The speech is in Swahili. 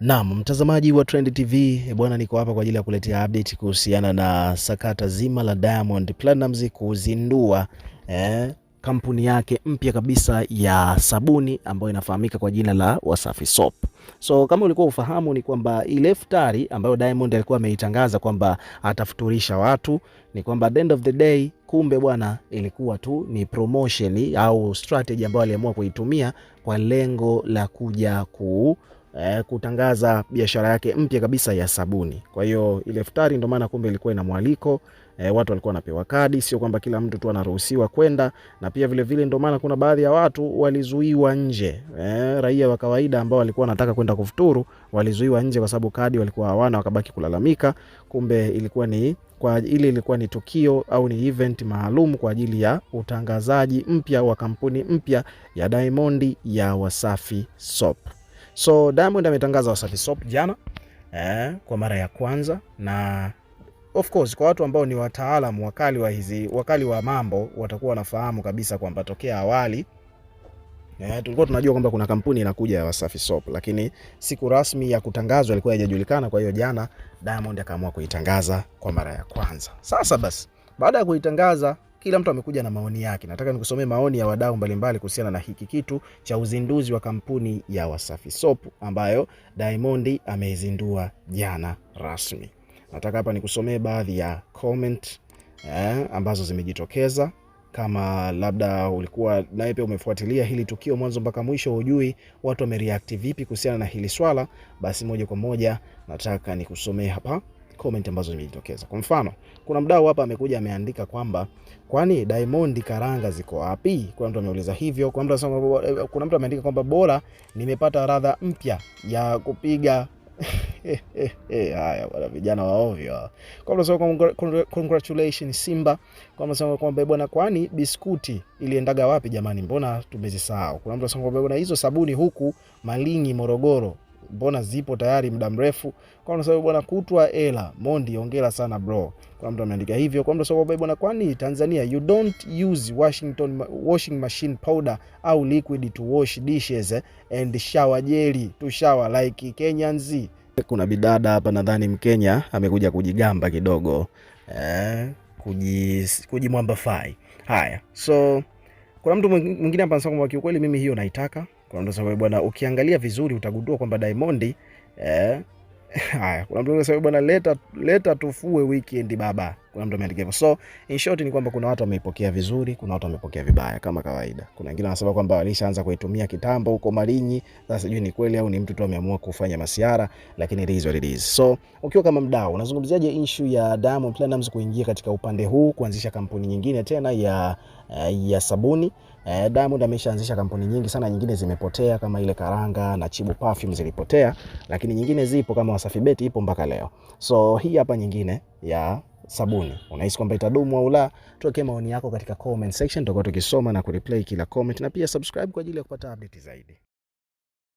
Naam, mtazamaji wa Trend TV eh, bwana, niko hapa kwa ajili ya kuletea update kuhusiana na sakata zima la Diamond Platinumz kuzindua eh, kampuni yake mpya kabisa ya sabuni ambayo inafahamika kwa jina la Wasafi Soap. So kama ulikuwa ufahamu ni kwamba ile futari ambayo Diamond alikuwa ameitangaza kwamba atafuturisha watu ni kwamba at the end of the day, kumbe bwana, ilikuwa tu ni promotion au strategy ambayo aliamua kuitumia kwa lengo la kuja ku eh, kutangaza biashara yake mpya kabisa ya sabuni. Kwa hiyo ile futari ndio maana kumbe ilikuwa ina mwaliko eh, watu walikuwa wanapewa kadi, sio kwamba kila mtu tu anaruhusiwa kwenda, na pia vile vile ndio maana kuna baadhi ya watu walizuiwa nje eh, raia wa kawaida ambao walikuwa wanataka kwenda kufuturu walizuiwa nje kwa sababu kadi walikuwa hawana, wakabaki kulalamika. Kumbe ilikuwa ni kwa ile ilikuwa ni tukio au ni event maalum kwa ajili ya utangazaji mpya wa kampuni mpya ya Diamond ya Wasafi Soap. So Diamond ametangaza Wasafi Soap jana eh, kwa mara ya kwanza na of course kwa watu ambao ni wataalamu wakali wa hizi wakali wa mambo watakuwa wanafahamu kabisa kwamba tokea awali eh, tulikuwa tunajua kwamba kuna kampuni inakuja ya Wasafi Soap, lakini siku rasmi ya kutangazwa ilikuwa haijajulikana. Kwa hiyo jana Diamond akaamua kuitangaza kwa mara ya kwanza. Sasa basi baada ya kuitangaza kila mtu amekuja na maoni yake. Nataka nikusomee maoni ya wadau mbalimbali kuhusiana na hiki kitu cha uzinduzi wa kampuni ya Wasafi Soap ambayo Diamond ameizindua jana rasmi. Nataka hapa nikusomee baadhi ya comment eh, ambazo zimejitokeza kama labda ulikuwa naye pia umefuatilia hili tukio mwanzo mpaka mwisho, hujui watu wamereact vipi kuhusiana na hili swala, basi moja kwa moja nataka nikusomee hapa comment ambazo zimejitokeza. Kwa mfano, kuna mdau hapa amekuja ameandika kwamba kwani Diamond karanga ziko wapi? Kuna mtu ameuliza hivyo. Kuna mtu anasema, kuna mtu ameandika kwamba bora nimepata radha mpya ya kupiga Haya bwana, vijana wa ovyo. Kwa mtu mnasema congratulations Simba. Kwa mtu mnasema kwamba bwana, kwani biskuti iliendaga wapi jamani? Mbona tumezisahau? Kuna mtu anasema kwamba bwana, hizo sabuni huku Malingi, Morogoro mbona zipo tayari muda mrefu. Kwa sababu bwana, kutwa ela Mondi, ongera sana bro. Kwa mtu ameandika hivyo. Kwa mtu sababu bwana, kwani Tanzania you don't use Washington washing machine powder au liquid to wash dishes eh? and shower jelly to shower like Kenyans. Kuna bidada hapa nadhani Mkenya amekuja kujigamba kidogo eh, kuji kujimwamba fai Haya, so kuna mtu mwingine hapa anasema kwa kiukweli, mimi hiyo naitaka kuna mtu bwana, ukiangalia vizuri utagundua kwamba Diamond eh, haya kuna mtu anasema bwana, leta leta tufue weekend baba. Kuna mtu ameandika hivyo. So in short ni kwamba kuna watu wameipokea vizuri, kuna watu wamepokea vibaya kama kawaida. Kuna wengine wanasema kwamba walishaanza kuitumia kitambo huko Malinyi. Sasa sijui ni kweli au ni mtu tu ameamua kufanya masiara, lakini it is what it is. So ukiwa kama mdau, unazungumziaje issue ya Diamond Platnumz kuingia katika upande huu, kuanzisha kampuni nyingine tena ya eh, ya sabuni? Eh, Diamond ameshaanzisha kampuni nyingi sana, nyingine zimepotea kama ile Karanga na Chibu Perfume zilipotea, lakini nyingine zipo kama Wasafi Beti ipo mpaka leo. So hii hapa nyingine ya sabuni. Unahisi kwamba itadumu au la? Tuwekee maoni yako katika comment section, tutakuwa tukisoma na kureply kila comment, na pia subscribe kwa ajili ya kupata update zaidi.